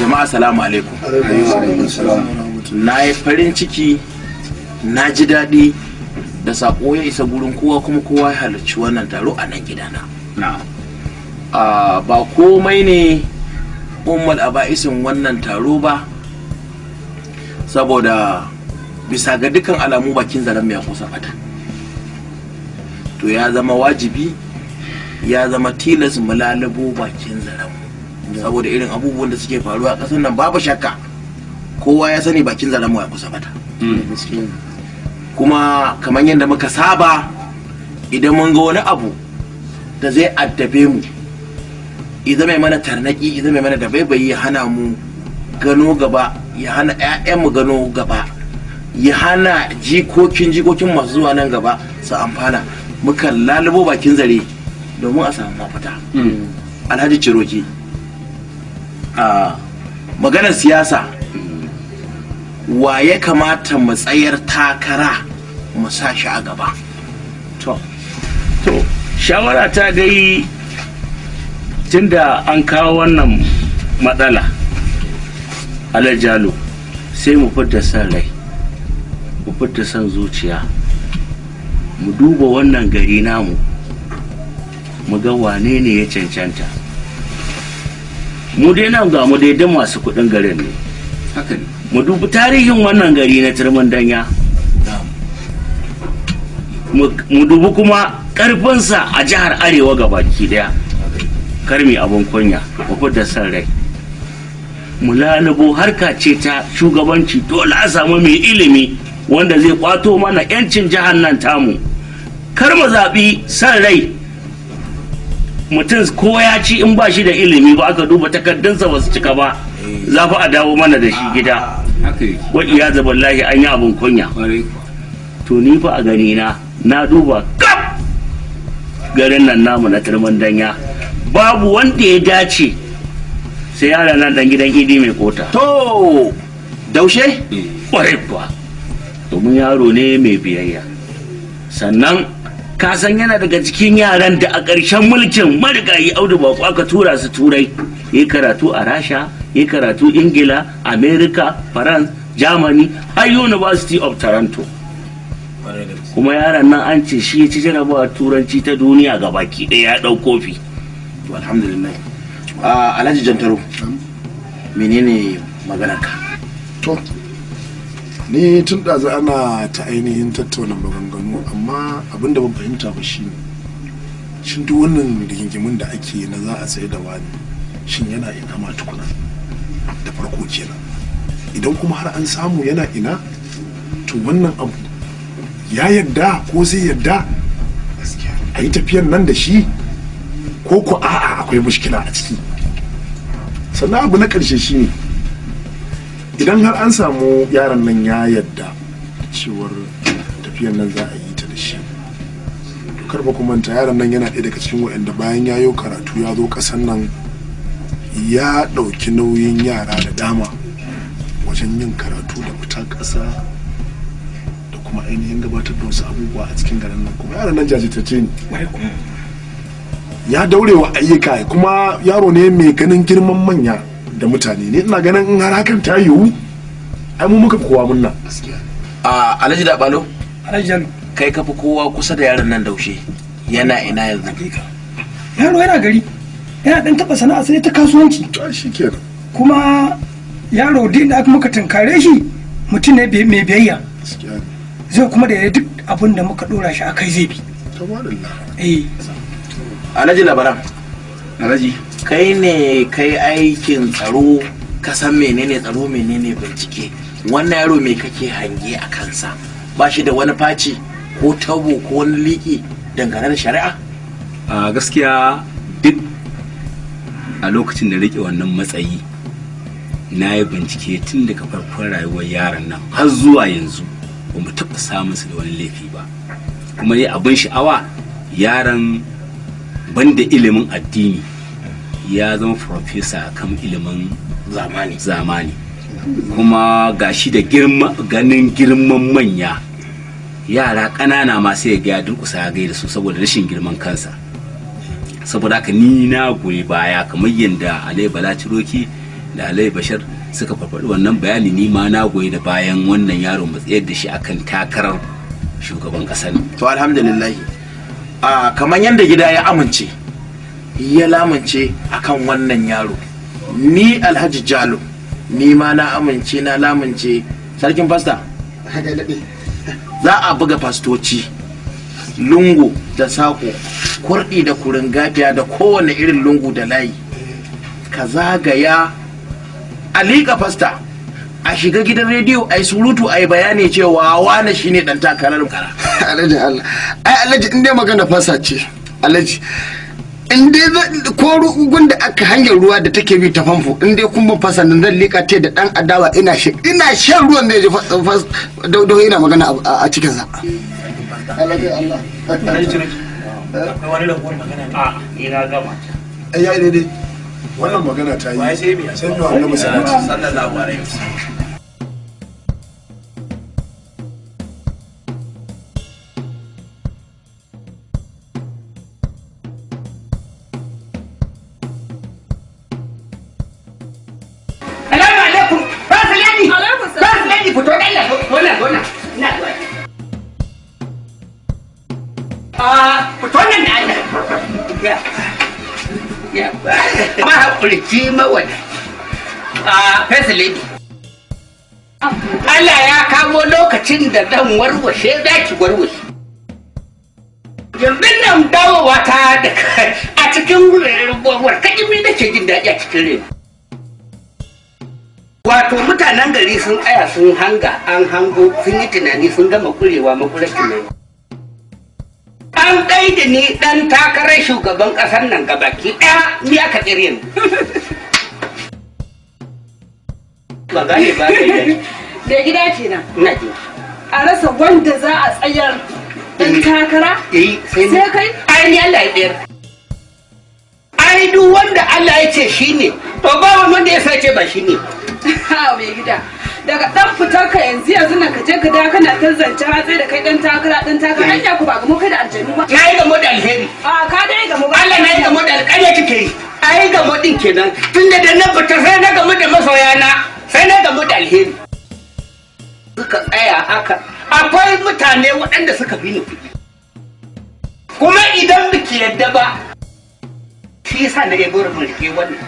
jama'a salamu alaikum na yi farin ciki na ji daɗi da saƙo ya isa gurin kowa kuma kowa ya halarci wannan taro a nan gidana ba komai ne umar aba'isin wannan taro ba saboda bisa ga dukkan alamu bakin zaren mai kusa fata to ya zama wajibi ya zama tilas mu lalabo bakin zaren saboda irin abubuwan da suke faruwa a ƙasar nan babu shakka kowa ya sani bakin zalamu ya kusa bata kuma kamar yadda muka saba idan mun ga wani abu da zai addabe mu idan mai mana tarnaki idan mai mana da bai ya hana mu gano gaba ya hana ƴaƴanmu gano gaba ya hana jikokin jikokin masu zuwa nan gaba su amfana mukan lalubo bakin zare domin a samu mafita hmm. alhaji ciroki maganar siyasa wa ya kamata mu tsayar takara mu sa shi a gaba to shawara ta dai tunda an kawo wannan matsala alajalo sai mu fita san rai mu fita san zuciya mu duba wannan gari namu mu ga wane ne ya cancanta mu dai nan ga mu dai dan masu kuɗin garin ne mu dubi tarihin wannan gari na turmin danya mu dubi kuma karfinsa a jihar arewa ga baki daya karmi abin kunya mu da san rai mu lalubo harka ce ta shugabanci dole a samu mai ilimi wanda zai kwato mana yancin jihar nan tamu kar mu zaɓi san rai mutum ko ya ci in ba shi da ilimi ba aka duba takardunsa ba su cika ba eh. za fa a dawo mana da shi ah, gida wa iya lahi an yi abin kunya to ni fa a gani na na duba kaf garin nan namu na turman danya babu wanda ya dace sai yara nan dan gidan idi mai kota to daushe eh. kwarai kuwa domin yaro ne mai biyayya sannan ka san yana daga cikin yaran da a ƙarshen mulkin marigayi audu bako aka tura su turai ya karatu a rasha ya karatu ingila amerika france germany a university of toronto kuma yaran nan an ce shi ya ci jarabawa turanci ta duniya ga baki ɗaya ya ɗau kofi alhamdulillah ah, alhaji jantaro menene maganarka ni tun da ana ta ainihin tattauna maganganu amma abin da ban fahimta ba shine shin duk wannan rigingimin da ake na za a tsaye da wani shin yana ina ma tukuna da farko kenan idan kuma har an samu yana ina to wannan abu ya yadda ko zai yadda a yi tafiyan nan da shi ko ku a'a akwai mushkila a ciki sannan abu na ƙarshe shi ne idan har an samu yaron nan ya yadda cewar tafiyan nan za a yi ta da shi dokar ba kuma ta yaron nan yana ɗaya daga cikin waɗanda bayan ya yi karatu ya zo ƙasan nan ya ɗauki nauyin yara da dama wajen yin karatu da fita ƙasa da kuma ainihin gabatar da wasu abubuwa a cikin garin nan kuma yaron nan ta ne ya daure ayyuka kuma yaro ne mai ganin girman manya da mutane ne ina ganin in har hakan ta yiwu ai mu muka kowa nan a alhaji da balo alhaji kai ka fi kowa kusa da yaron nan daushe yana ina yanzu yaro yana gari yana dan taba sana'a sai ta kasuwanci to shikenan kuma yaro din da aka muka tunkare shi mutum ne mai biyayya zai kuma da duk abin da muka dora shi akai zai bi eh. alhaji labaran Alhaji. Kai ne kai aikin tsaro ka san menene tsaro menene bincike. Wannan yaro me kake hange a kansa? Ba shi da wani faci ko tabo ko wani liki dangane da shari'a? A gaskiya duk a lokacin da rike wannan matsayi na yi bincike tun daga farkon rayuwar yaron nan har zuwa yanzu ba mu taɓa samun su da wani laifi ba kuma yi abin sha'awa yaron banda ilimin addini ya zama profesa kan ilimin zamani zamani kuma shi da ganin girman manya yara ƙanana ma sai ga ya durƙusa gai da su saboda rashin girman kansa saboda haka ni na goyi baya kamar yadda alai bala ciroki da alai bashar suka farfaɗi wannan bayani ni ma na goyi da bayan wannan yaro matsayar da shi akan takarar shugaban ƙasar to alhamdulillah ah, kamar yadda gida ya amince ya lamance akan wannan yaro ni alhaji jalo ni ma na amince na lamance sarkin fasta za a buga fastoci lungu da sako kurɗi da kurin gafiya da kowane irin lungu da layi ka zagaya a liƙa fasta a shiga gidan rediyo a yi surutu a yi bayani cewa wane shi ne ɗan takarar kara alhaji allah ai alhaji inda magana fasa ce alhaji in dai ko rugun da aka hanyar ruwa da take bi ta famfo in dai kuma fasa nan zan lika te da dan adawa ina shi ina shan ruwan da ya ji daudau ina magana a cikin sa ya ne dai wannan magana ta yi sai mai annabi sallallahu alaihi wasallam mawada a first lady Allah ya kamo lokacin da zan warwashe zaki warwashe yanzu nan dawowa ta da a cikin warkaɗi da ke jin daɗi a cikin rai wato mutanen gari sun tsaya sun hanga an hango sun yi tunani sun gama kurewa makurar tunani an ɗai da ni ɗan takarar shugaban ƙasar nan gabaki ɗaya ni aka tsirin Ban gane ba kai da. Da gida kenan. A rasa wanda za a tsayar dan eh, takara? Eh, sai kai? Ai ni Allah ya tsayar. Ai duk wanda Allah ya ce shine to ba wanda ya sace ba shine. Ha mai gida. daga dan fitar ka yanzu yanzu nan ka je ka da kana ta zance hatsai da kai dan takara dan takara eh. an ya ku ba gamo kai da aljanu ba na yi gamo da alheri a ka dai gamo ba Allah na yi gamo da alƙarya kike yi ai gamo din kenan tunda da na fita sai na ga gamo da masoyana sai ne gamu da alheri suka tsaya haka akwai mutane waɗanda suka fi ni kuɗi kuma idan biki yadda ba shi yasa na yabo ke wannan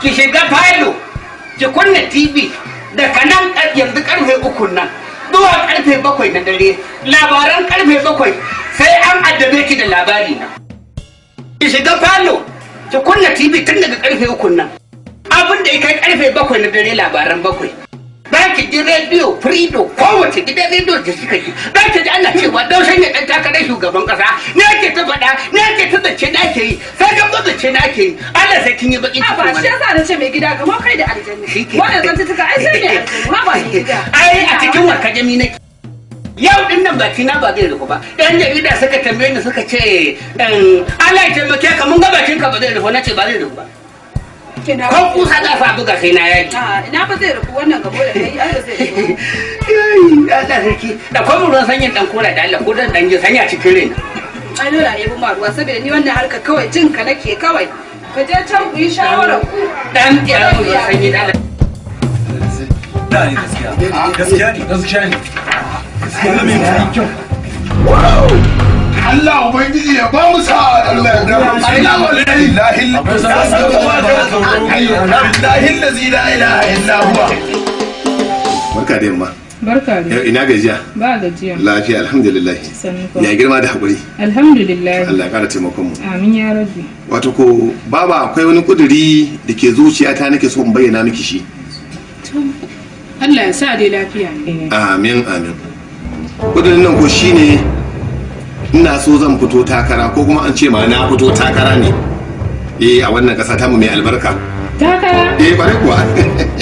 ki shiga falo ki kunna tv daga nan yanzu karfe uku nan zuwa karfe bakwai na dare labaran karfe bakwai sai an addabe ki da labari na ki shiga falo ki kunna tv tun daga karfe uku nan abin da ya kai karfe bakwai na dare labaran bakwai ba ki ji rediyo frido kowace gidan rediyo da suka yi ba ki ji ana cewa don sanya dan takarar shugaban kasa ne ke ta faɗa ne ke ta zance na ke yi sai ga ba zance na ke yi Allah sai kin yi bakin ciki ba shi yasa na ce mai gida kamar kai da aljanna wannan zantutuka ai sai ne aljanna ba ni gida ai a cikin warkajami nake yau din nan baki na ba zai rufu ba yan jarida suka tambaye ni suka ce Allah ya taimake ka mun ga bakin ka ba zai rufu na ce ba zai rufu ba Ko kusa da fa buga sai na yaki. Ah, ina fa zai rufu wannan gabo da kai ai zai rufu. Ai Allah sarki. Da ko mun sanyin dan kora da Allah ko dan dan sanya cikin raina. Ai lola ne bin ruwa saboda ni wannan harka kawai jin ka nake kawai. Ka je can ku yi ku. Dan ya mun ne gaskiya. Ah. Gaskiya ne. Gaskiya ne. Gaskiya ne. Allah ubangiji ya ba mu sa'a Allah ya dawo Allah wallahi lahil ya san kuma da lahil lazi la ilaha illa huwa barka da yamma barka da ina gajiya ba gajiya lafiya alhamdulillah ya girma da haƙuri. alhamdulillah Allah ya kara taimakon mu amin ya rabbi wato ko baba akwai wani kuduri da ke zuciyata nake so in bayyana miki shi Allah ya sa dai lafiya amin amin kudurin nan ko shine ina so zan fito takara ko kuma an ce ma na fito takara ne eh a wannan kasa mu mai albarka takara eh bare kuwa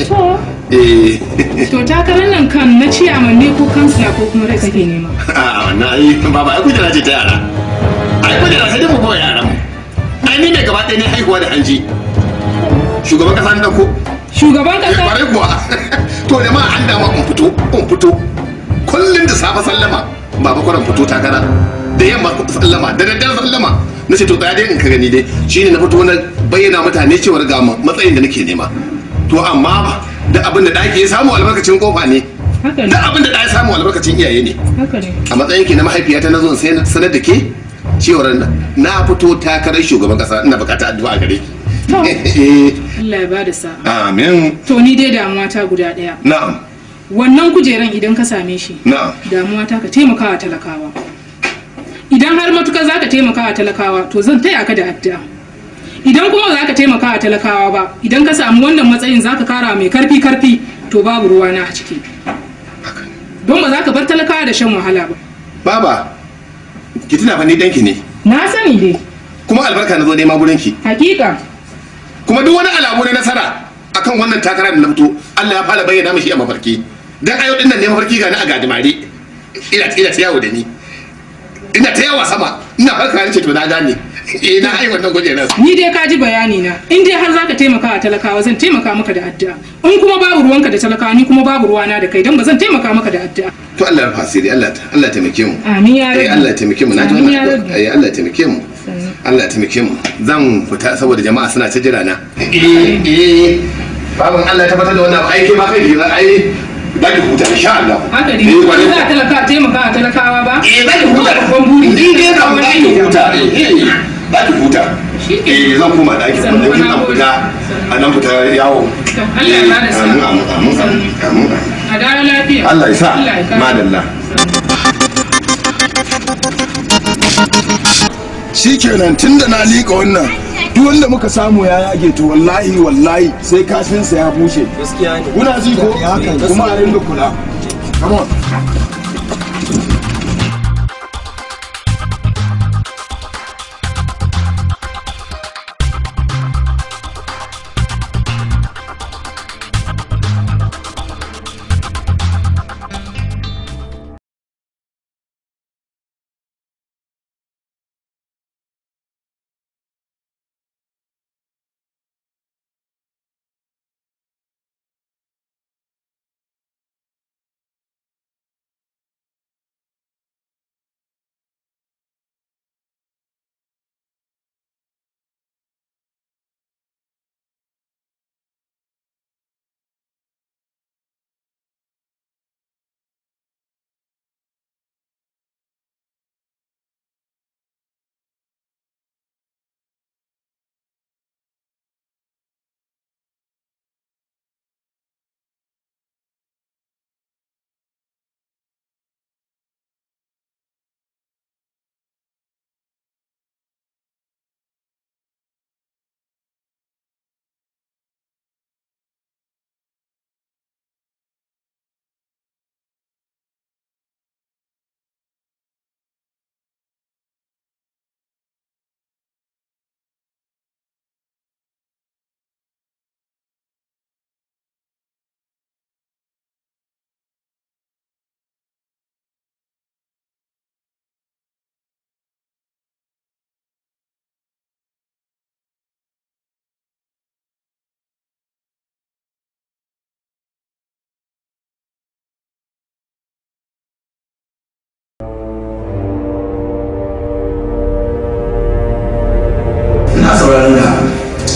to eh to takaran nan kan na ci ciyaman ne ko kansila ko kuma rai kake nema a ah, wannan ai baba ai kujera ce ta yara ai kujera sai mu koya yaran ai ni ne gaba ɗaya ne haihuwa da hanji shugaban kasa na ko shugaban kasa bare eh, kuwa to da ma an dama in fito in fito kullun da safa sallama baba kwaran fito takara da yamma sallama da daddare sallama na ce to tsaya dai in ka gani dai shine na fito na bayyana mutane cewar ga matsayin da nake nema to amma da abin da ɗaki ya samu albarkacin kofa ne da abin da ɗaya samu albarkacin iyaye ne a matsayin ki na mahaifiyata na zo sanar da ke cewar na fito takarar shugaban kasa ina bukata addu'a gare ki eh. Allah ya bada sa'a amin to ni dai damuwa ta guda ɗaya na'am wannan kujeran idan ka same shi damuwa ta ka taimakawa talakawa idan har matuka za ka taimakawa talakawa to zan taya ka da addu'a idan kuma za ka taimakawa talakawa ba idan ka samu wannan matsayin za ka kara mai karfi karfi to babu ruwa na a ciki don ba za ka bar talakawa da shan wahala ba baba ki tuna fanni ni danki ne na sani dai kuma albarka na zo nema gurin ki hakika kuma duk wani alamu na nasara akan wannan takarar da na fito Allah ya fara bayyana mishi a mafarki dan ayo dinnan ne mafarki ga na a gadimare ina ina ta yawo da ni ina ta yawa sama ina farka ne ce to na gane eh na ai wannan kujerar ni dai ka ji bayani na in dai har zaka taimaka wa talakawa zan taimaka maka da addu'a in kuma babu ruwanka da talakawa ni kuma babu ruwana da kai dan ba zan taimaka maka da addu'a to Allah ya fasiri Allah Allah taimake mu amin ya eh, rabbi Allah taimake mu na ji wannan eh Allah taimake mu Allah taimake mu zan fita saboda jama'a suna ta jira na eh eh baban Allah ya tabbatar da wannan aiki ba kai ai ba huta insha Allah haka ne eh, ba za talaka taimaka a talakawa ba eh ba huta da kwamburi ni dai ka ku ba huta eh ki eh, eh. huta eh zan koma daki wannan ne an huta a nan fita yawo Allah ya bada sa amin amin amin a dawo lafiya Allah ya sa madalla shikenan tunda na liƙa wannan wanda muka samu ya yage to wallahi wallahi sai kashinsa ya bushe gaskiya ne kuna ji ko kuma a rinda kula come on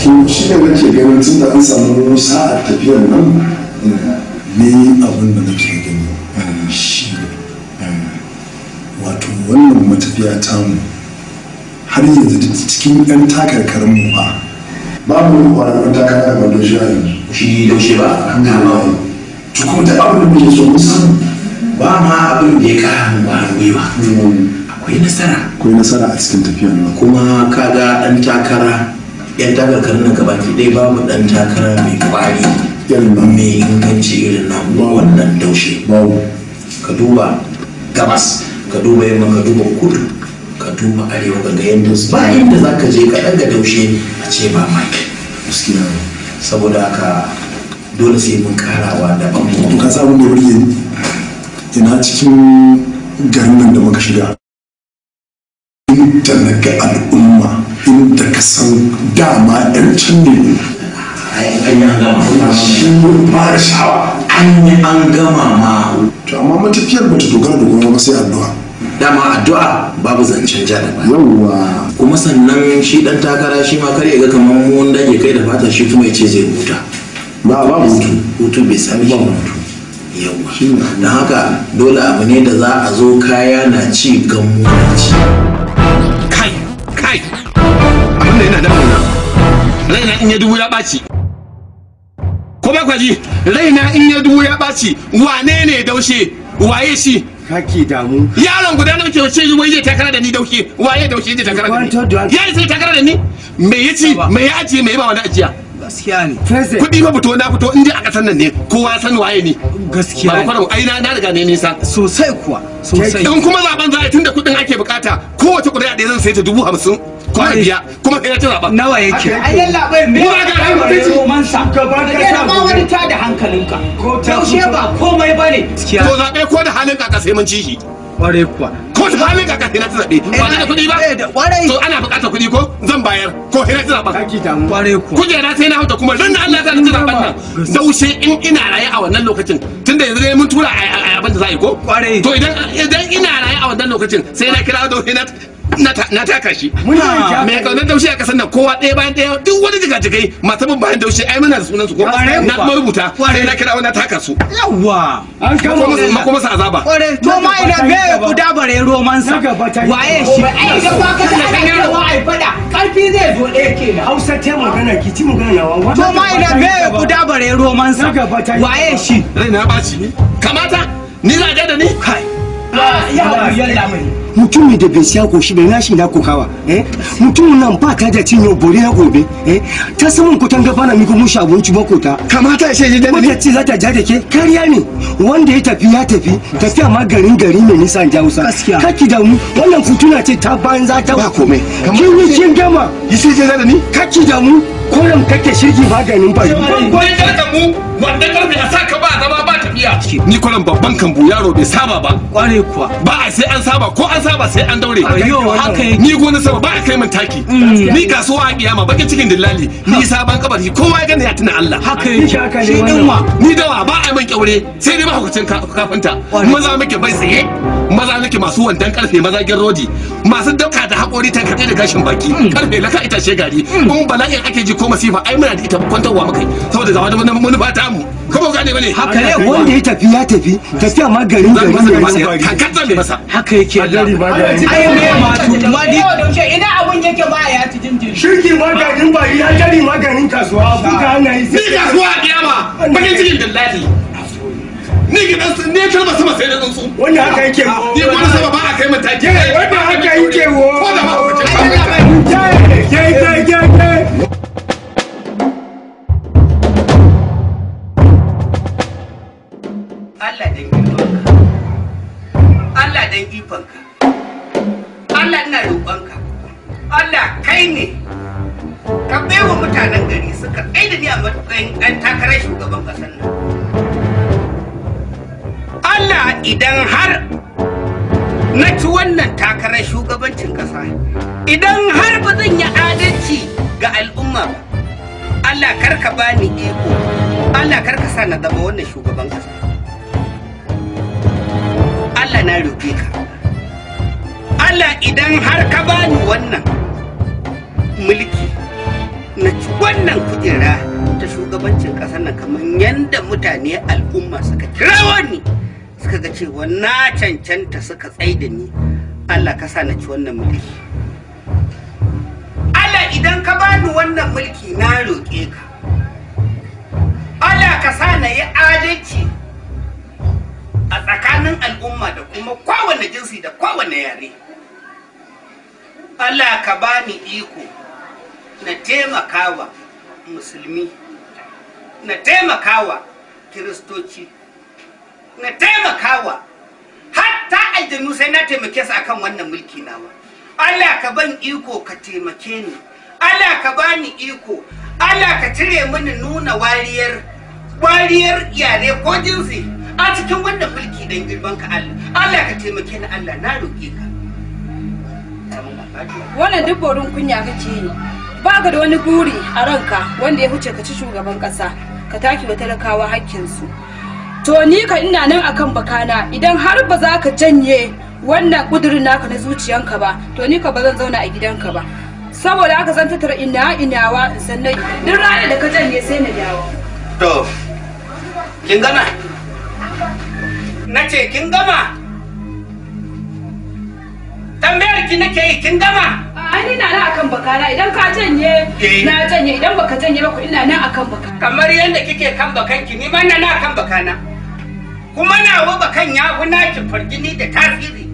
cikin shi ne nake ganin tun da an samu a tafiyar nan ne abin da nake gani eh, shi eh, wato wannan matafiya mu har yanzu cikin 'yan takarkarin mu ba babu kwanan takara ba da shi shi da shi ba an kama to kuma da abin da muke so mun san ba ma abin da ya kara mu ba gwiwa mm. akwai nasara akwai nasara a cikin tafiyar nan kuma kaga ɗan takara yan takarkar nan gaba dai babu dan takara mai kwari mai inganci irin na wannan daushe ka duba gabas ka duba yamma ka duba kudu ka duba arewa ka ga yadda ba inda za ka je ka ɗaga daushe a ce ba mike saboda haka dole sai mun karawa da bambu ka samu da wuri ina cikin garin nan da muka shiga intanet ga al'umma da ka san dama 'yancin ne ba sha'awa an yi an gama ma to amma matafiyar bata dogara da goma sai addu'a dama addu'a babu zancen ja da ba. yawwa kuma sannan shi dan takara shi ma kar ya ga kamar mun dage kai da fata shi kuma ya ce zai huta ba ba hutu hutu bai sami shi hutu yawwa don haka dole abu ne da za a zo kaya na ci gan ci kai kai wannan yana damuna raina in ya dubu ya ɓaci ko ba kwaji raina in ya dubu ya ɓaci wane ne daushe waye shi kake damu yaron guda nawa ke ce wai zai takara da ni dauke waye dauke zai takara da ni yayi sai takara da ni me yace me ya ajiye me ya ba wani ajiya gaskiya ne kuɗi ma fito na fito in je a ƙasar nan ne kowa san waye ne gaskiya ba ai na na riga ne nisa sosai kuwa sosai in kuma zaben za a yi tunda kudin ake bukata kowace ƙuri'a ɗaya zan sai ta dubu hamsin kuma biya kuma sai ta zaɓa nawa yake ai yalla bai me ba ga hankali roman sa gaba ka sa ba wani ta da hankalinka ko ta ba komai bane to zaɓe ko da halin ka ka sai mun ci shi Kwarai kuwa. Ko su kamin ka hira ta zaɓe. Ba ka da kuɗi ba? Eh, kwarai. To ana buƙatar kuɗi ko zan bayar ko hira ta zaɓa. Kaki damu. Kwarai kuwa. na sai na hauta kuma ran da Allah ta nuna zaɓen nan. Daushe in ina raye a wannan lokacin tunda yanzu dai mun tura a abin da za a yi ko. Kwarai. To idan idan ina raye a wannan lokacin sai na kira don hira na taka shi mai kaunar daushe a kasar nan kowa ɗaya bayan ɗaya duk wani jigajigai masu bin bayan daushe ai muna da sunan su ko na kuma rubuta sai na kira na taka su yawa an kama ma kuma sa azaba to ma ina me ku dabare roman sa waye shi ai ga ba ka da kana ruwa ai fada karfi zai zo ɗaya kenan hausa te magana ki ci magana nawa to ma ina me ku dabare roman sa waye shi rai na baci ne kamata ni za da ni kai ah, ya ya lamai mutumin da bai siya goshi bai nashi na kokawa eh mutumin nan ba ta da cinyo bore na gobe eh ta samun kutan gaba na miku mushi abinci ta kamata ya shaidi dan ne ce za ta ja da ke kariya ne wanda ya tafi ya tafi tafiya ma garin gari mai nisan jausa kaki da mu wannan futuna ce ta bayan za ta ba kome kin yi kin gama yi sai da ni kaki da mu koren kake shirki ba ganin ba. ko ya ta mu wanda karfi a saka ba zama ba tarbiya ni kwaran babban kambu yaro bai saba ba kware kuwa ba a sai an saba ko an saba sai an daure ayo haka yake ni gona sama ba a kai min taki mm, ni kasuwa a kiyama bakin cikin dillali ni sabon kabari kowa ya gane ya tuna Allah haka yake shi din wa ni dawa ba a min kyaure sai dai mahaukacin kafinta maza muke bai tsaye maza nake masu wandan karfe maza rodi masu dauka da hakori ta kaɗai da gashin baki mm. karfe laka itace gari in mm. bala'in ake ji ko masifa ai muna da ita kwantarwa makai saboda zama da manufa ta mu kuma gane bane haka ne wanda ya tafi ya tafi tafi amma garin gari ne ka katsale masa haka yake gari ba da ai me ma tu ma di ina abun yake ba ya ci jinjin shirki ma maganin ba ya gari ma garin kasuwa ka ana yi sai kasuwa a ba ke cikin dallali ni gidan ne kalmar sama sai da tsuntsu wannan haka yake ni kuma sama ba a kai mataki wannan takarar shugaban ƙasar nan Allah idan har na ci wannan takarar shugabancin ƙasa idan har ba zan yi adalci ga al'umma ba Allah karka bani iko Allah karka sa na zama wannan shugaban ƙasa Allah na roƙe ka Allah idan har ka bani wannan mulki na ci wannan kujera ta shugabancin kasar nan kamar yadda mutane al'umma suka kira ni suka ga cewa na cancanta suka tsai da ni Allah ka sa na ci wannan mulki Allah idan ka bani wannan mulki na roƙe ka Allah ka sa na yi adalci a tsakanin al'umma da kuma kowane jinsi da kowane yare Allah ka bani iko na taimakawa musulmi na taimakawa kiristoci na taimakawa hatta aljannu sai na taimake su akan wannan mulki nawa Allah ka ban iko ka taimake ni Allah ka bani iko Allah ka cire mini nuna wariyar wariyar yare ko jinsi a cikin wannan mulki dan girman ka Allah Allah ka taimake ni Allah na roƙe ka wannan duk borin kunya kake yi ba ka da wani buri a ranka wanda ya huce ka ci shugaban ƙasa ka taki wa talakawa hakkinsu to ni ka ina nan akan bakana idan har ba za ka janye wannan kudurin naka na zuciyanka ba to ni ka ba zan zauna a gidanka ba saboda haka zan tattara ina inawa in san na duk ranar da ka janye sai na dawo to kin gama na ce kin gama tambayar ki nake yi kin gama ai ina nan akan bakana idan ka janye eh. na janye idan baka janye ba ku ina nan akan bakana kamar yadda kike kan bakanki ni ma na akan bakana kuma na wa bakan ya fi naki fargini da tasiri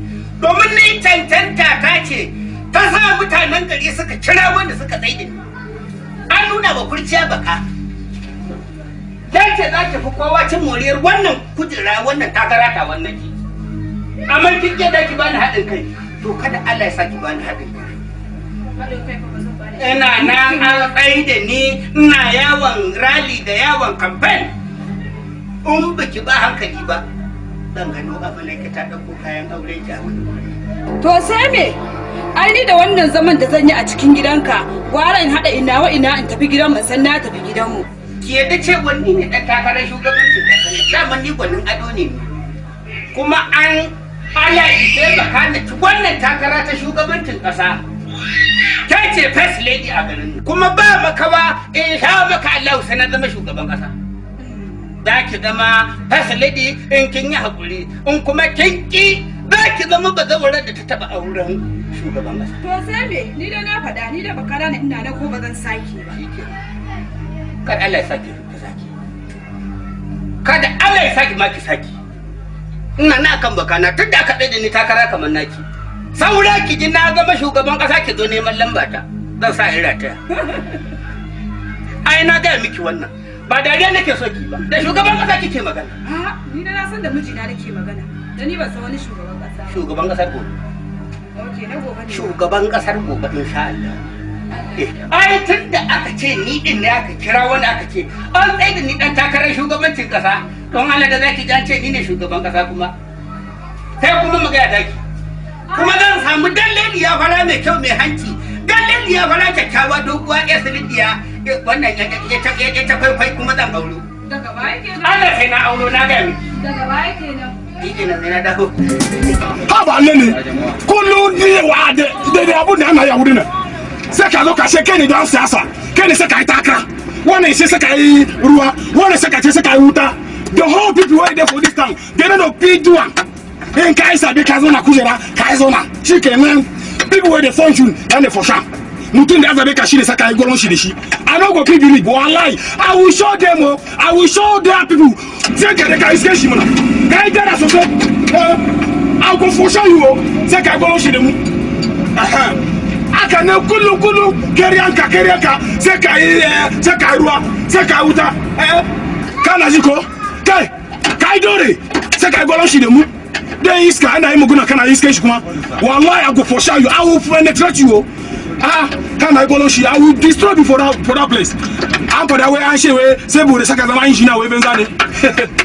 domin ni cancanta ta ce ta sa mutanen gari suka kira wanda suka tsaye da an nuna wa kurciya baka yace za ki fi kowa cin moriyar wannan kujera wannan takara ta wannan ki amma kike da ki bani haɗin kai to kada Allah ya sa ki bani haɗin kai ina nan an da ni ina yawon rali da yawon kamfen in biki ba hankali ba dan gano abu na ki ta ɗauko kayan aure ki a to sai me ai ni da wannan zaman da zan yi a cikin gidanka gwara in haɗa ina wa ina in tafi gidan san na tafi gidanmu ki yadda ce wani ne ɗan takarar shugabancin daman ni gwanin ado ne kuma an ala ita baka wannan takara ta shugabancin ƙasa ta ce first lady a garin kuma ba makawa in sha maka Allah sai na zama shugaban kasa za ki zama first lady in kin yi hakuri in kuma kin ki za ki zama bazawarar da ta taba auren shugaban kasa to sai me ni da na faɗa ni da bakara na ina na ko ba zan sake ba kada Allah ya sake ka sake kada Allah ya sake ma ki sake ina na kan bakana tunda aka ɗaya da ni takara kamar naki saura ki ji na zama shugaban kasa ki zo neman lamba ta zan sa ira ta ai na ga miki wannan ba dariya nake so ki ba da shugaban kasa kike magana a ni da na san da na nake magana da ni ba san wani shugaban kasa shugaban kasar gobe okay na gobe ne shugaban kasar gobe insha Allah eh, ai tun da aka ce ni din ne aka kira wani aka ce an tsaye da ni dan takarar shugabancin kasa don Allah da zaki ji an ce ni ne shugaban kasa kuma sai kuma magana daki kuma zan samu dallen ya fara mai kyau mai hanci dallen ya fara kyakkyawa doguwa eh, ya silidiya wannan ya ta kwaikwai kuma zan auro daga baya sai na auro na gami daga baya kenan ha ba ne ne wa da na wuri se ka zo ka don siyasa kai ni se ka se se ka yi ruwa wannan se ka se ka yi wuta the whole people wey dey for this town they no know pidwan nkaisa bi kazo kujera kazo na shike people wey dey function and dey for sharp mutum da azabe kashi ne saka igoro shi da shi i no go kill you league wallahi i will show them o oh. i will show their people say kere iske shi muna ka soso i go for show you o say ka igoro shi da mu aka na kulu kulu keriyanka keriyanka sai eh, eh, ka ruwa sai ka wuta kana eh, jiko kai ka idore sai ka igoro shi mu dan iska ana yi magana kana iska shi kuma wallahi i go for sure you i will penetrate you o oh. ah kana yi golon shi i will destroy you for that for that place an fada wai an she wai sai bude saka zama yin shi na wai banza ne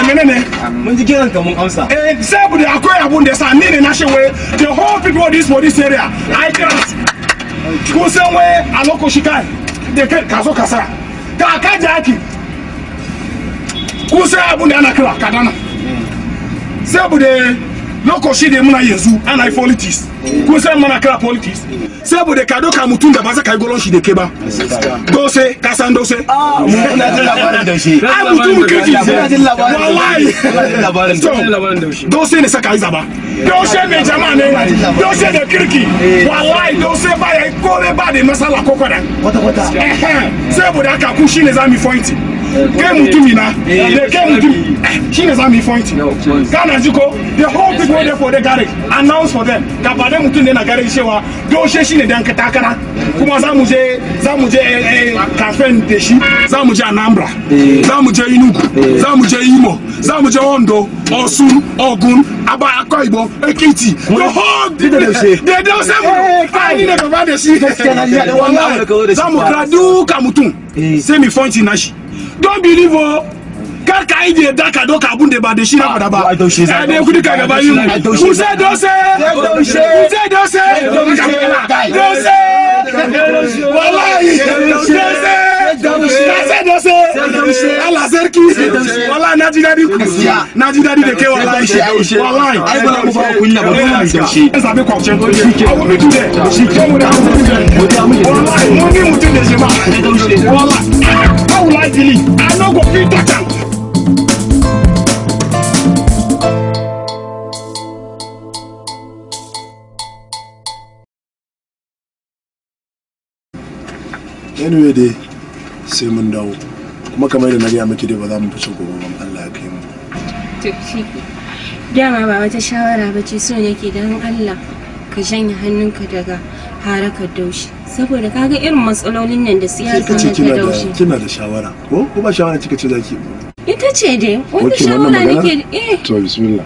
a mene ne mun ji kiran ka mun ne eh, na shewe the whole people of this for this area i trust kun san wai a loko shi kai da kai ka ka sa ka ka jaki kun san abun da ana kira kadana saboda hmm. lokaci da muna yanzu ana yi politics kun san mana kira politics saboda ka doka mutum da ba za ka yi golon shi da ke ba dose ka san dose muna jin labarin daushe ai mutum kirki wallahi dose ne saka yi zaba dose ne jama ne dose da kirki wallahi dose ba ya yi kome ba da masala ko kwada saboda haka ku ne za mu yi game to me na the game to she dey sound me ghana ziko the whole people wey dey for the garage announce for them ka ba dem mutum dey na garage cewa doshe shi ne dan katakana kuma za je za je campaign eh, eh, da shi za je anambra eh. za je inugu za je imo za je ondo osun ogun aba akwa igbo ekiti the whole they don save me ani ne baba dey see za gradu ka mutum sai na shi don't believe o kar ka yi da yadda ka doka abun da ba da shi na fada ba a ne kudi ka gaba yin kuse dose kuse dose dose wallahi dose kase dose ala sarki wallahi na ji dadi na ji dadi da ke wallahi wallahi ai ba mu ba kunya ba mu da shi zabe kwafcin shi ke mu da shi ke mu da wallahi mun ni mutun da jama'a wallahi blindly i no go fit touch am. anyway dai sai mun dawo kuma kamar yadda na gaya miki dai ba za mu fice gobe ban Allah ya kai mu dama ba wata shawara ba ce so yake dan Allah ka janye hannunka daga harakar daushi saboda kaga irin matsalolin nan da suke daushi. kina da kina da shawara ko kuma shawara kika ce zaki ita ce dai wani shawara nake eh to bismillah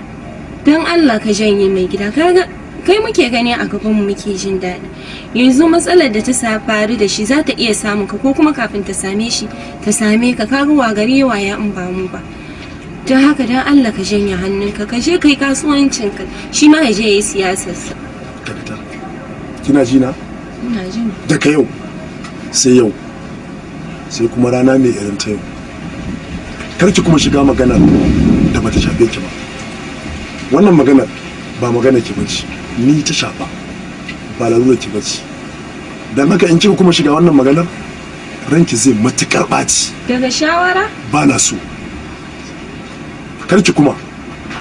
dan Allah ka janye mai gida kaga kai muke gani a mu muke jin daɗi yanzu matsalar da ta faru da shi za ta iya samun ka ko kuma kafin ta same shi ta same ka kaga wa gari ya in ba mu ba don haka don allah ka janye hannunka ka je kai kasuwancinka shi ma ya je ya yi siyasarsa kina ji na daga yau sai yau sai kuma rana mai irin ta yau karki kuma shiga maganar da bata shafe ki ba wannan maganar ba magana ki bace ni ta shafa ba lalura ki bace dan haka in kika kuma shiga wannan maganar ranki zai matukar ɓaci daga shawara ba na so karki kuma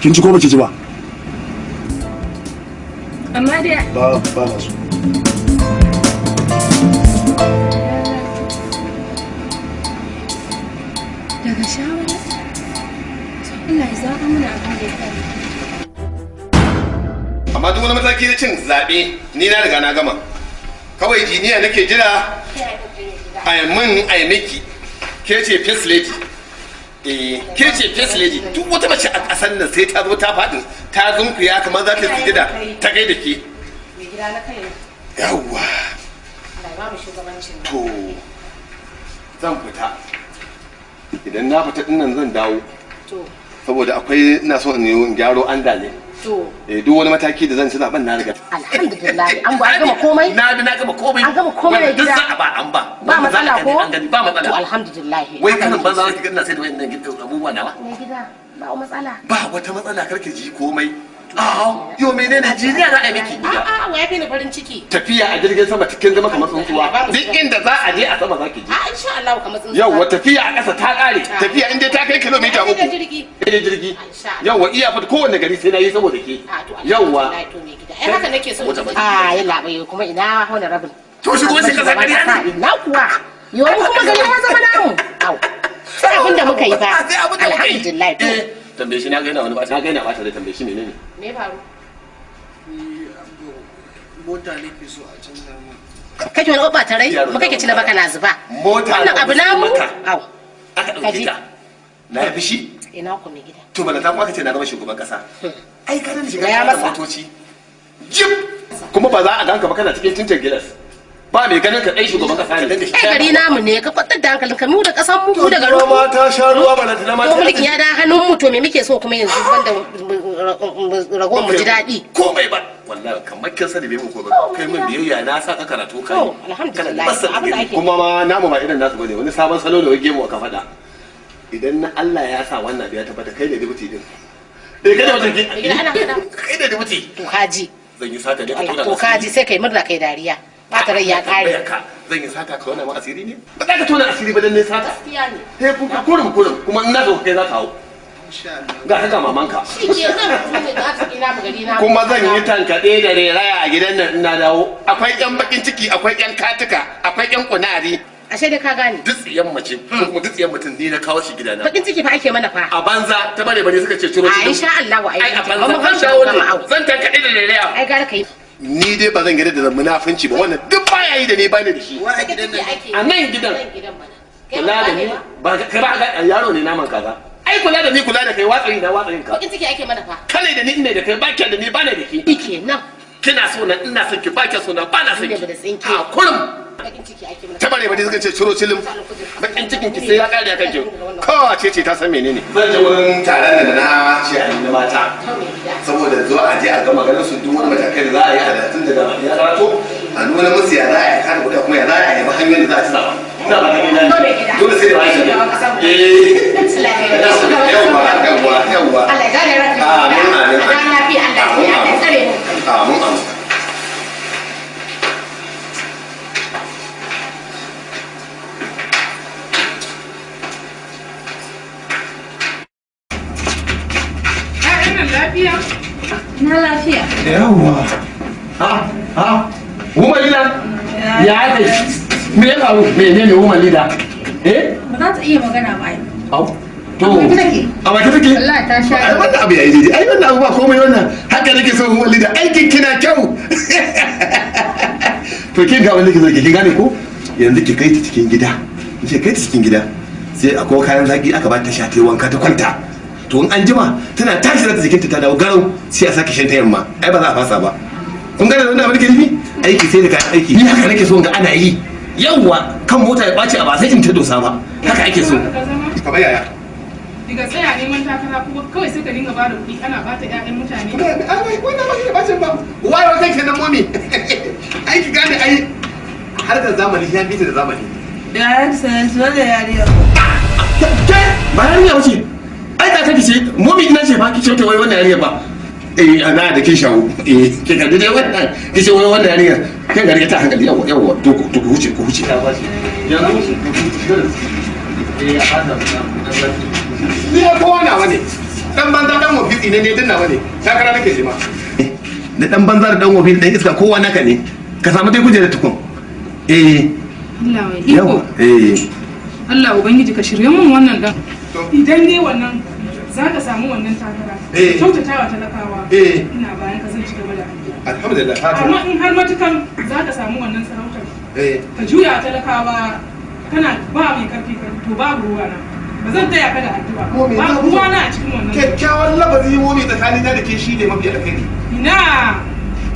kin ji ko baki ji ba amma dai ba ba na so sarki cin zaɓe ni na riga na gama kawai jiniya nake jira a min a miki ke ce first lady eh, ke ce first lady duk wata mace a ƙasar nan sai ta zo ta faɗi ta zunkuya kamar za ta sujida ta kai da ke yawwa to zan fita idan na fita dinnan zan dawo saboda akwai ina so in gyaro an dale to eh, duk wani mataki da zan ci zaben na riga alhamdulillah an ba gama komai na na gama komai an gama komai ne duk za a ba an ba ba matsala ko ba matsala to alhamdulillah wai ban za ka ga ina sai da gidan abubuwa nawa ne gida ba matsala ba wata matsala karke ji komai A'a, yo Najeriya za a yi miki? A'a, wa ya ni farin ciki. Tafiya a jirgin sama cikin zama kamar tsuntsuwa. Duk inda za a je a sama za ki je. A'a, insha Allah kamar tsuntsuwa. tafiya a ƙasa ta ƙare. Tafiya inda ta kai kilomita uku. Ai jirgi. iya fita kowanne gari sai na yi saboda ke. Yawwa. Ai haka nake so. a yalla bai kuma ina hona rabin. To shi kuma sai ka san ƙarya ne. Ina kuwa. kuma gari ya zama namu. Au. abin da muka yi ba. Alhamdulillah. tambaye shi na ga yana wani bata ga yana bata da tambaye shi menene me faru mota ne ke so a canza mu kake wani oba tarai mu kake cin baka na zuba mota wannan abu na mu au aka dauke ta na yabi shi ina ku mai gida to bala ta kuma kace na zama shugaban kasa hmm. ai ka da shiga motoci jip kuma ba za a ganka ba kana cikin tintin gilas ba mai ganin ka kai shugaban kasa ne kai eh, gari namu ne ka kwatar da hankalin ka mu da kasan mu mu da garo ma ta sha ruwa ba na tunama ta mulkin ya da hannun mu to me muke so kuma yanzu banda ragon mu ji daɗi komai ba wallahi kamar kin sani bai ko ba kai min biyayya na sa ka karatu kai alhamdulillah kuma ma namu ba irin nasu bane wani sabon salo da wage mu ka faɗa idan na Allah ya sa wannan ya tabbata kai da dubuti din eh kai da dubuti kai da dubuti to kaji zan yi sata ne to kaji sai kai murna kai dariya ba rai ya kare zan yi sata ka wannan asiri ne ba za ka tona asiri ba dan ne sata gaskiya ne sai eh, kun ka kurum kurum kuma in na zo kai eh, za ka hawo ga haka mamanka kuma zan yi tankaɗe da raya a gidan nan na dawo akwai yan bakin ciki akwai yan katuka akwai yan kunari ashe da ka gane dutsiyan mace ko kuma dutsiyan mutum ni na kawo shi gidana bakin ciki fa ake mana fa a banza ta bare bare suka ce ciro shi a insha Allah wa ai a banza zan dawo ne zan tankaɗe da reraya ai gara kai ni dai ba zan gida da munafunci ba wannan duk ba yi da ni ne da shi a nan gidan kula da ni ba ka ba ga yaro ne naman kaza ai kula da ni kula da kai watsari da watsarin ka kin take ake mana fa kale da ni ina da kai ba da ni ba ne da ki kike nan kina so na ina son ki ba ki so na ba na son ki a kurum tabare ba dizgace ciro cilim bakin cikin ki sai ya kare a kanki kowa ce ce ta san menene zan je wurin taron da na ce a na mata saboda zuwa a je a ga maganar su duk wani matakai da za a yi a da daga ya karato a nuna musu ya za a yi kada guda kuma ya za a yi ba hanyar da za a ci zaba ina ba nan dole sai da ba shi ne eh da yau ba yawwa yau ba Allah ya gane rafi amin amin amin amin amin amin amin amin lafiya? Na lafiya. Yawwa. Ha? Ha? Woman da Ya ake. Me ya faru? Menene woman leader? Eh? Ba za ta iya magana ba ai. Au. To. A baki take? Allah ta sha. Ai wannan abu yayi daidai. Ai wannan abu ba komai wannan. Haka nake son woman leader. Aikin kina kyau. to kin ga wanda ke zargi kin gane ko? Yanzu ki kai ta cikin gida. Ki kai ta cikin gida. Sai akwai kayan zaki aka ba ta sha ta wanka ta kwanta. to an jima tana tashi zata jikinta ta dawo garau sai a sake shan ta yamma ai ba za a fasa ba kun gane wannan abin da nufi aiki sai da kayan aiki ni haka nake so ga ana yi yawwa kan mota ya ɓaci a ba sai in ta dosa ba haka ake so kamar yaya daga tsaya neman takara kuma kawai sai ka dinga ba da kuɗi ana bata ƴaƴan mutane wannan ba shi bacin ba wai wai kai nan momi aiki gane ai har da zamani ya bi da zamani da har sai so da yariya ah, ah, ke ba yariya wuce ai da take ce momi na ce ba ki to wai wannan yariya ba eh ana da kin shawo eh ke ga dai wannan ce wai wannan yariya kin ga ta hankali yawa yawa to ku ku huce ku huce ya eh ya ni ko wannan wani dan banza dan wofi ne ne dinna wani takara nake ma eh, da dan banza da dan wofi dan iska kowa naka ne ka samu dai kujera tukun eh Allah ya iko eh Allah ubangiji ka shirye mun wannan dan idan ne wannan za ka samu wannan takara eh. ka kyautatawa talakawa eh. ina bayan ka zan ci gaba da alhamdulillah amma in har matukan za ka samu wannan sarautar ka eh. juya talakawa kana ba mai karfi to babu ruwa na ba zan taya ka da addu'a ba ruwa na a cikin wannan kyakkyawan lafazi mu ne tsakani na da ke shi ne mafi alkhairi ina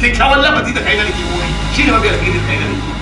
kyakkyawan lafazi tsakani na da ke mu ne shi ne mafi alkhairi tsakani na da ke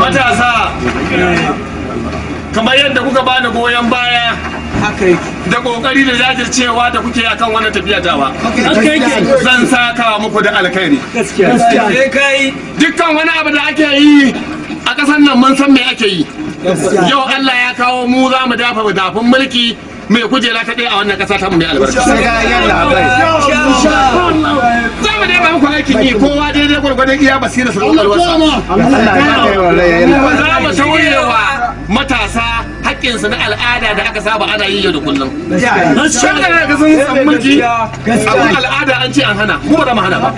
matasa kamar yadda kuka bani goyon baya da kokari da jajircewa da kuke akan wannan tafiya tawa zan saka muku da alkhairi eh, dukkan wani abu da ake yi a ƙasar nan mun san me ake yi yau Allah ya kawo mu za mu dafa dafin mulki mai kujera ta ɗaya a wannan ƙasa ta mu ne albarka. Za mu dai ba muku aikin yi kowa daidai gwargwadon iya basira su ƙwaƙwalwarsa. Za mu sauyewa matasa haƙƙinsu na al'ada da aka saba ana yi yau da kullum. Shan da ga sun eh, san mulki abin al'ada an ce an hana mu ba da mu hana ba.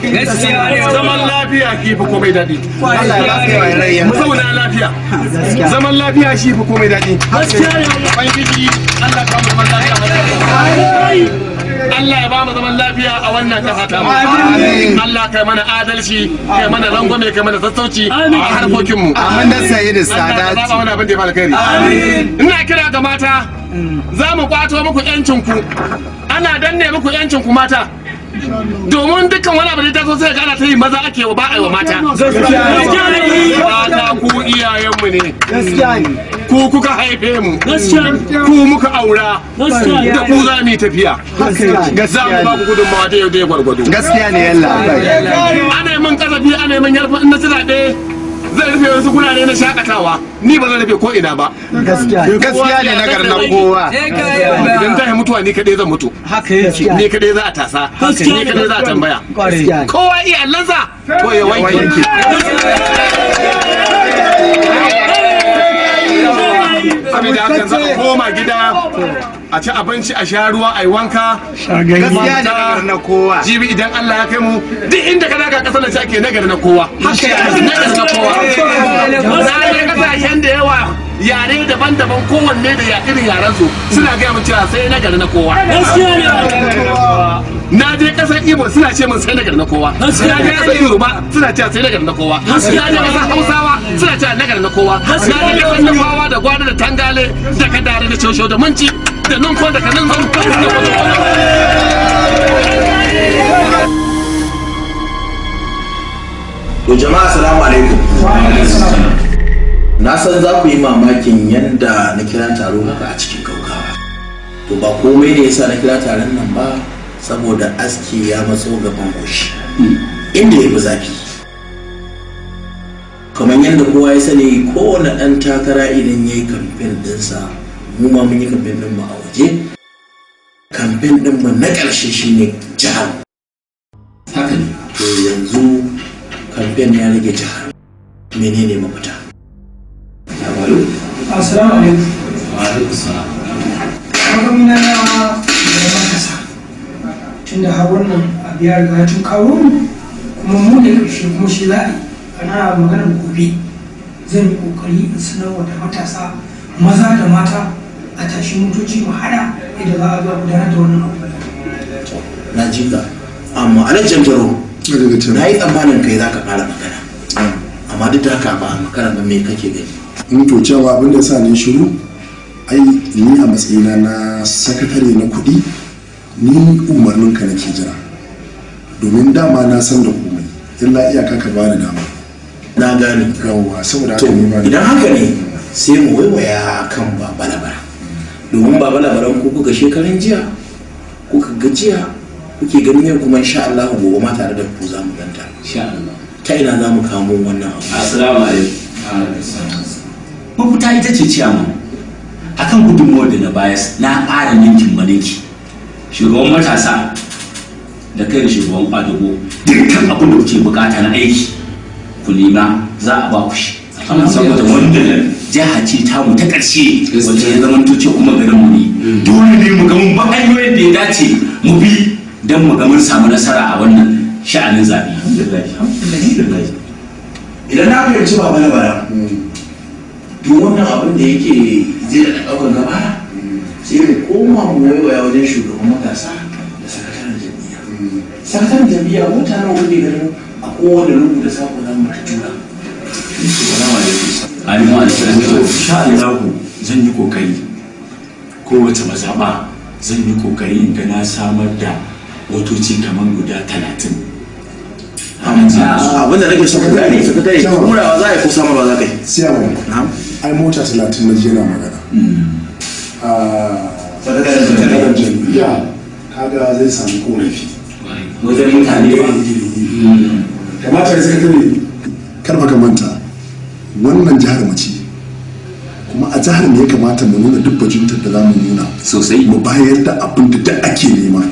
Zaman lafiya ki fi komai daɗi. Mu zauna lafiya. Zaman lafiya shi fi komai daɗi. Ubangiji Allah ka mu lafiya. Allah ya ba mu zaman lafiya a wannan kasa ta Allah kai mana adalci kai mana rangwame kai mana sassauci a harkokin mu amin da sai da sadati Allah ya ba abin da ya fara kai amin ina kira ga mata za mu kwato muku yancin ku ana danne muku yancin ku mata domin dukkan wani abu da ta so sai ga ana ta yi maza ake wa ba a yi wa mata gaskiya ku iyayen mu ne gaskiya ku kuka haife mu ku muka aura da ku za mu yi tafiya ga za mu ba ku gudunmawa ta yau da ya gwargwado gaskiya ne yalla ana yi min kasafi ana yi min yarfa in na ci zai rufe wasu gurare na shakatawa ni ba zan rufe ko ina ba gaskiya ne na garnar kowa idan yi mutuwa ni kadai zan mutu ni kadai za a tasa ni kadai za a tambaya kowa iya lanza to ya wanke da haka za a koma gida a ci abinci a sha ruwa a yi wanka gaskiya da na kowa jibi idan Allah ya kai mu duk inda ka daga kasar da ci ake nagari na kowa na ya na kowa na kasashen da yawa yare daban-daban kowanne da ya irin yaran su suna gaya mu cewa sai na gari na kowa na je kasar ibo suna ce mun sai na gari na kowa na je kasar yoruba suna cewa sai na gari na kowa gaskiya ne kasar hausawa suna cewa na gari na kowa gaskiya ne kasar nafawa da gwada da tangale da kadare da shosho da manci da nunko da kanin zan to jama'a assalamu alaikum na san za ku yi mamakin yadda na kira taro haka a cikin gaugawa to ba komai da yasa na kira taron nan ba saboda aski ya matso gaban goshi inda ya fi zafi kamar yadda kowa ya sani kowane ɗan takara idan ya yi kamfen ɗinsa mu ma mun yi kamfen ɗinmu a waje kamfen ɗinmu na ƙarshe shine jihar haka ne to yanzu kamfen ya rage jihar menene mafita alo assalamu alaikum wa alaikum assalam makamina na da kasa tunda har wannan abu ya riga tun kawo mu kuma mu da ƙarshe kuma shi za ana maganar gobe zan yi ƙoƙari in sanarwa da matasa maza da mata a tashi motoci mu hada idan za a zuwa gudanar da wannan abu na ji ka amma alhaji jaro na yi tsammanin kai za ka fara magana amma duk da haka ba magana ba me kake gani in to cewa abin da sa ne shiru ai ni a matsayina na sakatare na kuɗi ni umarnin ka nake jira domin dama na san da komai illa iyaka ka bani dama na gane yawwa saboda haka ne ba idan haka ne sai mu waiwaya kan baba labara domin baba labaran ku kuka shekarun jiya kuka gajiya kuke ganin yau kuma insha Allah gobe ma tare da ku za mu ganta insha Allah ta ina za mu kamo wannan abu assalamu alaikum mafuta ita ce a akan gudunmawar da na bayas na ƙara ninkin maninki shugaban matasa da kai da shugaban kwadago dukkan abin da kuke bukata na aiki ku nema za a ba ku shi saboda wanda jiha ce mu ta ƙarshe wajen ya zama tuce kuma garin mu ne mm. dole ne mu ga mun ba hanyoyin da ya dace mu bi don mu ga samu nasara a wannan sha'anin zaɓe idan na fahimci ba bala mm. duk abin da yake zai da ɗaukar gaba sai da koma mu waiwaya wajen shugaban matasa da sakataren jami'a sakataren jami'a mutanen wani garin a kowane da sako na mata zan yi kokari kowace mazaɓa zan yi kokari in gana samar da motoci kamar guda talatin abin da nake son ku gane sakatare turawa za a yi ko samarwa za ka yi ai mota talatin na jera magana hmm. a jam'iyya kaga zai sami ko korafi wajen mutane ba hmm. kamata ya sai kare karfa ka manta wannan jihar mace kuma a jihar ne ya kamata mu nuna duk bajintar da za mu nuna sosai mu bayar da abin da duk ake nema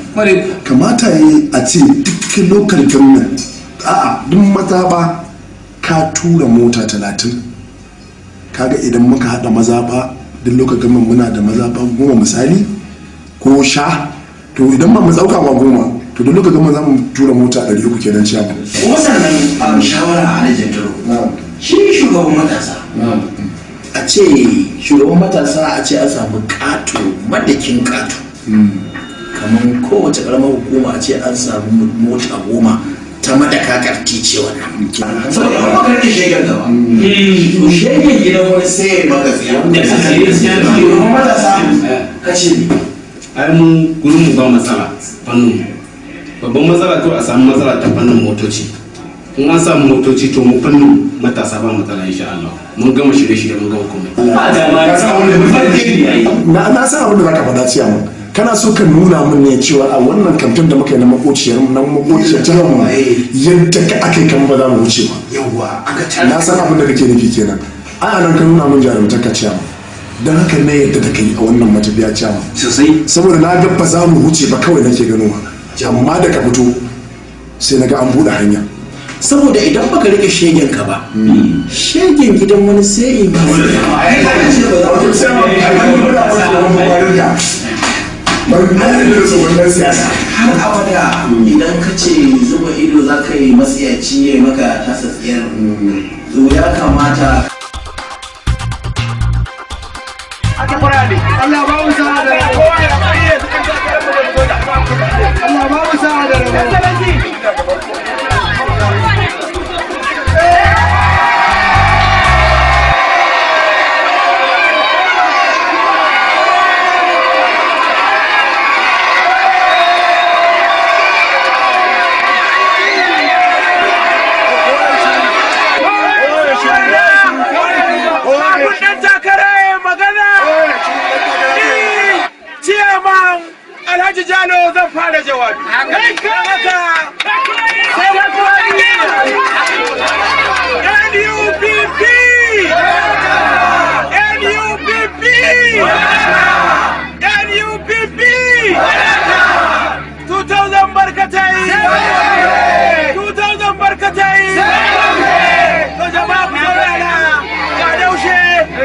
kamata yi a ce duk lokal gwamnati a'a duk maza ba ka tura mota talatin kaga idan muka haɗa mazaɓa duk lokacin muna da mazaɓa goma misali ko sha to idan ba mu tsauka ba goma to duk lokacin mun za mu tura mota ɗari kenan cewa ko sannan a shawara a halin shi shugaban matasa a ce shugaban matasa a ce an samu kato madakin kato hmm. kamar kowace ƙaramar hukuma a ce an samu mota goma ta madaka karti ce wannan saboda ba ka rike shegar da ba hmm. shegar gida wani sai maka da ka tsiya tsiya da kuma matasa ka ce ai mun gurin mu ba matsala fannin babban matsala to a samu matsala ta fannin motoci in an samu motoci to mu fannin matasa ba matsala insha Allah mun gama shirye-shirye mun gama komai na san abin da ciya mun kana so ka nuna min ne cewa a wannan kamfen da muka yi na makociyar na makociyar ta mu yadda ka aka kan ba za mu wuce ba na san abin da kake nufi kenan a nan ka nuna min jarumta ka ciyama don haka na yadda da kai a wannan matafiya ciyama saboda na ga ba za mu wuce ba kawai nake gano amma da ka fito sai na ga an buɗe hanya saboda idan baka rike shegen ka ba shegen gidan wani sai in ba hannun da su wannan siyasa har abada idan ka ce zuba ido za ka yi matsiyaci ya maka tasa tsiyar ya kamata Allah ba mu sa'a da rabo Allah ba mu sa'a da rabo Alhaji Jano zan fara jawabi. Kai ka mata sai na tuwani. NUPP! NUPP! NUPP! 2000 barkatai! 2000 barkatai! To jama'a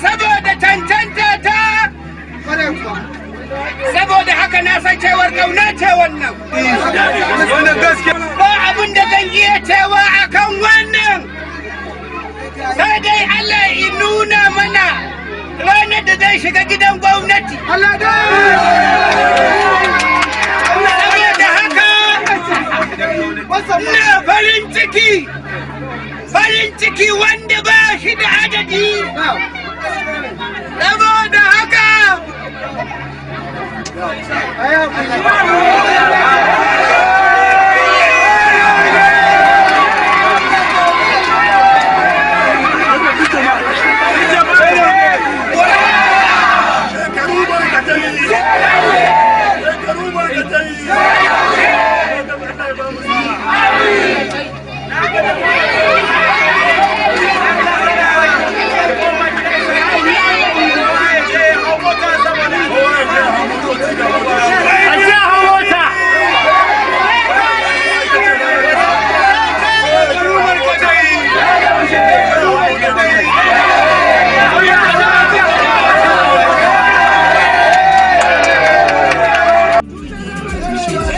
saboda cancanta ta saboda haka na san cewar kauna ce wannan ba abin da zan iya cewa akan wannan sai dai Allah ya nuna mana ranar da zai shiga gidan gwamnati saboda haka ina farin ciki farin ciki wanda ba shi da adadi 哎呀！She's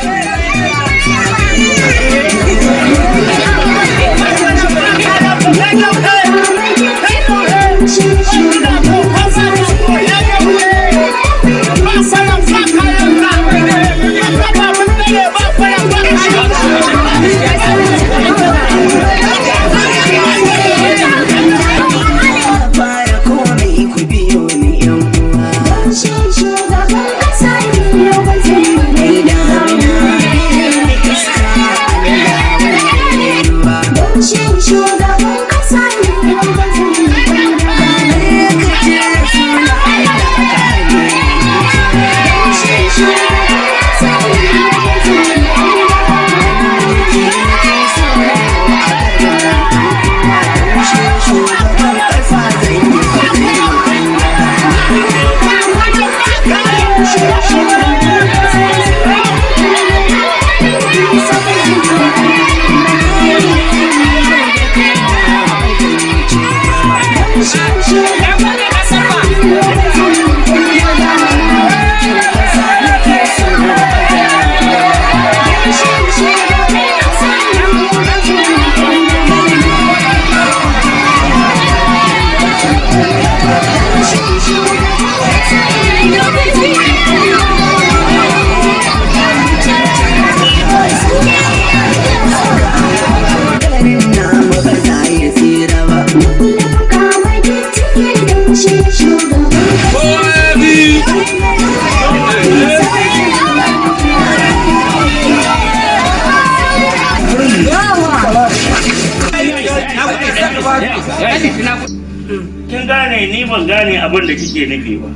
ban gane abin da kike nufi ba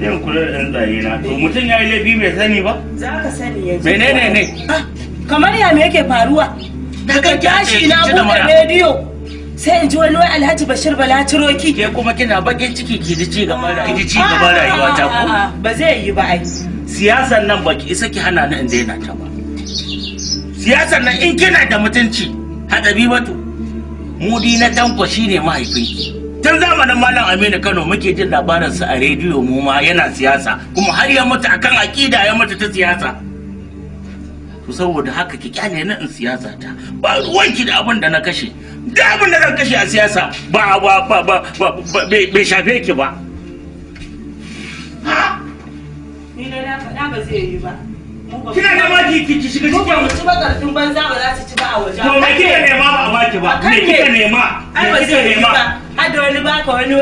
zan kula da ɗan zaye na to mutum ya yi laifi bai sani ba za ka sani ya ji menene ne ah, kamar ya me yake faruwa daga gashi na buɗe rediyo sai in ji wani wai alhaji bashir bala ciroki ke kuma kina bakin ciki ki ji ci gaba da ki ji gaba ah, rayuwa ta ko ah, ba zai yi ba ai siyasan nan baki isa ki hana ni in daina ta ba siyasan nan in kina da mutunci hadabi batu mudi na danko shine mahaifinki tun zamanin malam aminu kano muke jin labarinsa a rediyo mu ma yana siyasa kuma har ya mutu akan aƙida ya mutu ta siyasa to saboda haka ki kyale na in siyasa ta ba ruwanki da abin da na kashe da abin da zan kashe a siyasa ba ba ba ba bai shafe ki ba ha ni na faɗa ba zai yi ba kina da baki ki ki shiga cikin mu ci bakarfin banza ba za su ci ba a waje to me kika nema ba a baki ba me kika nema ai ba zai yi ba har da wani baka wani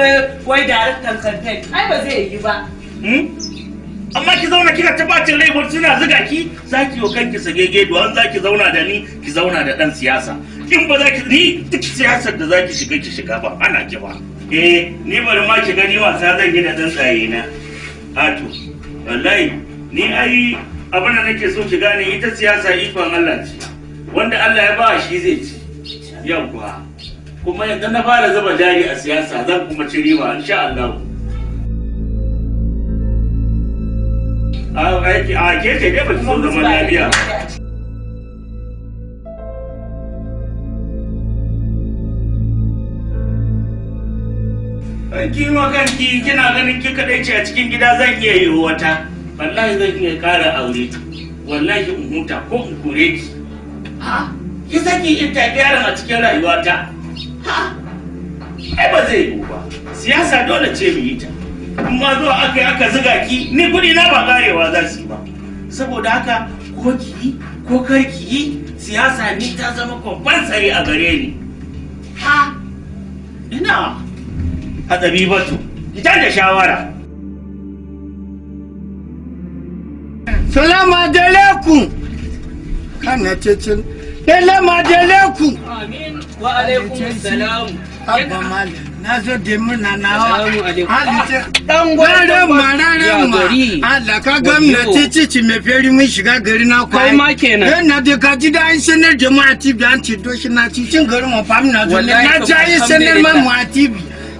wai daraktan campaign ai ba zai yi ba hmm? amma ki zauna kina ta bacin laifin suna ziga ki za ki yi wa kanki sagege duwan za ki zauna da ni ki zauna da dan siyasa in ba za ki ni duk siyasar da za ki shiga ki shiga ba ana ki ba eh ni bari ma ki gani wasa zan yi da dan tsaye na ato wallahi ni ai abin da nake so ki gane ita siyasa ikon Allah ce wanda Allah ya ba shi zai ci yawwa kuma yadda na fara zuba jari a siyasa zan kuma ci riba insha Allah a ke ce dai ba ki so zaman lafiya Ki kanki kina ganin ki kadai ce a cikin gida zan iya yi wata. wallahi zan iya kara aure wallahi in huta ko in kore ki ha ki saki in ta gyara a cikin rayuwata ha ai ba zai yi ba siyasa dole ce mu yi ta Amma zuwa aka yi aka ziga ki ni kudi na ba karewa za su yi ba saboda haka ko ki yi ko kar ki yi siyasa ni ta zama kwamfansari a gare ni ha ina ba tsabibatu ki da shawara salamu adelekun kana cecin lele ma adelekun wa alaikum salam abba malam na zo da muna nawa halitta ɗan marare ma Allah ka gwamnati cici gari na kwaye ma na da da an sanar jama'a tibi an ce na cikin garin wa famina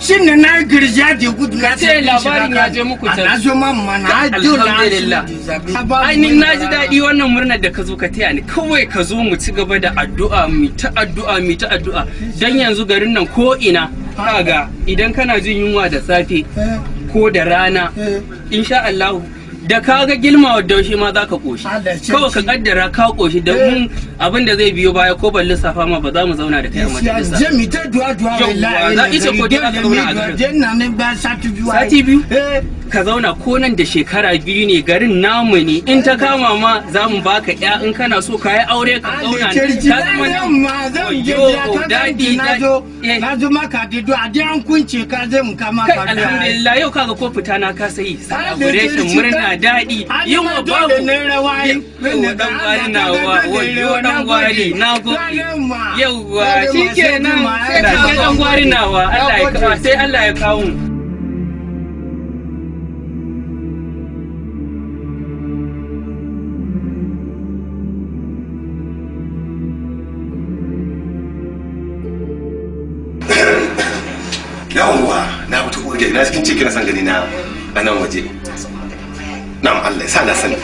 shin na na girja de gudu na ce labarin ya je muku ta na zo na ai nin naji dadi wannan murnar da ka zo ka taya ni kawai ka zo mu ci gaba da addu'a mu ta addu'a mu ta addu'a dan yanzu garin nan ko ina kaga idan kana jin yunwa da safe eh. ko da rana eh. insha Allah da ka ga gilma wa daushe ma za ka koshi kawai ka kaddara ka koshi da mun abin da zai biyo baya ko ban lissafa ma ba za mu zauna da kai a majalisa je mi ta duwa duwa wallahi za ita ko dai aka zauna a garin sati biyu sati biyu ka zauna ko nan da shekara biyu ne garin namu ne in ta kama ma za mu baka ya in kana so ka yi aure ka zauna ne ta zama yamma zan je ta dadi na zo eh. na zo maka da do a dai an kunce ka zai mu kama ka alhamdulillah yau kaga ko fita na ka sayi celebration murna dadi yin wa babu ne rawayi ne dan gwari na wa wayo dan gwari na go yauwa shikenan sai dan gwari na wa Allah ya kawo sai Allah ya kawo mu na cikin ce na san gani na a nan waje na'am Allah ya sa na sani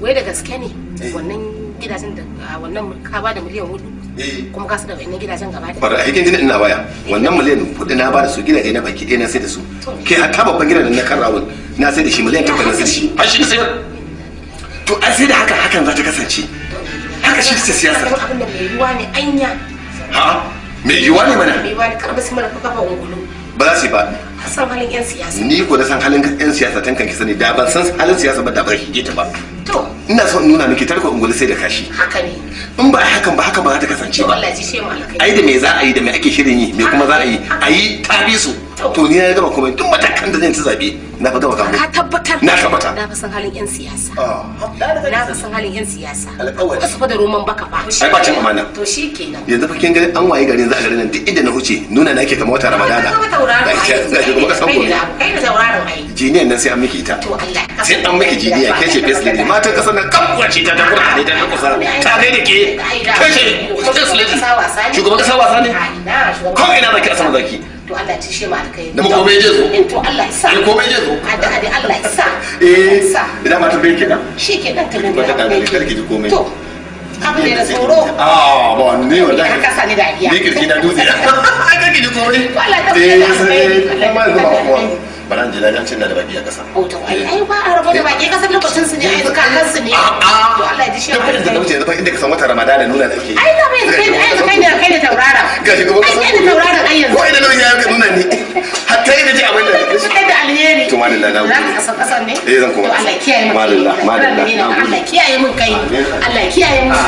wai da gaske ne eh. wannan gidajen da wannan ka ba da miliyan hudu eh. kuma ka su da wannan gidajen gaba da bara aikin jinin ina baya wannan miliyan hudu na ba da su gidaje na baki ɗaya na sai da su ke hatta babban gidan na kan rawun na sai da shi miliyan takwas na sai da shi a shi sai to a sai da haka hakan za ta kasance haka shi ta siyasa abin da mai yiwa ne anya ha mai yiwa ne mana mai yiwa ne karɓi su mana kafa ungulu ba za su yi ba san halin 'yan siyasa. Ni ko da san halin 'yan siyasa tan kan ki sani da ban san halin siyasa ba da ban shige ta ba. To. Ina so nuna miki tarko ungulu sai da kashi. Haka ne. In ba hakan ba haka ba za ta kasance ba. Wallahi sai mu Ai da me za a yi da me ake shirin yi me kuma za a yi a yi tabi su. to ni ya gama komai duk matakan da zan ci zabe na fa gama komai ka tabbatar na tabbata na fa san halin yan siyasa na fa san halin yan siyasa alƙawari ba su fa da roman baka ba ai ba cin amana to shikenan yanzu fa kin ga an waye garin za a garin nan duk inda na huce nuna nake kamar wata ramadana ga ki kuma ka san gobe kai da tauraron ai jiniyan nan sai an miki ita to Allah sai an miki jini ya kace face lady matan kasar nan kabuwa ce ta ta kuma ne ta ta kusa ta kai da ke kai ce face lady shugaban kasa wasa ne ko ina ba ki a sama zaki to Allah ya tishe mu da komai je zo in to Allah ya sa da komai je zo da da Allah ya sa eh sa idan ma tambaye kenan shi kenan ba ta da ji komai to abin da ya tsoro ah ba ne wallahi sani da iya ne kirki da dutse a karki ji komai ma baran jila yan cin da baki a kasa o oh, ai ai ba a rabo da baki kasa lokacin su ne ne a a to Allah ji shi ba da nauce da inda ka san wata ramadana nuna da ai da kai da ai kai da kai da taurara ga shi gaba kai da taurara ai yanzu ko ina nan ya ka nuna ni hatta ina ji abin da kai da alheri to madalla na gode kasan kasan ne eh zan kuma Allah kiyaye mu madalla madalla na Allah kiyaye mun kai Allah kiyaye mu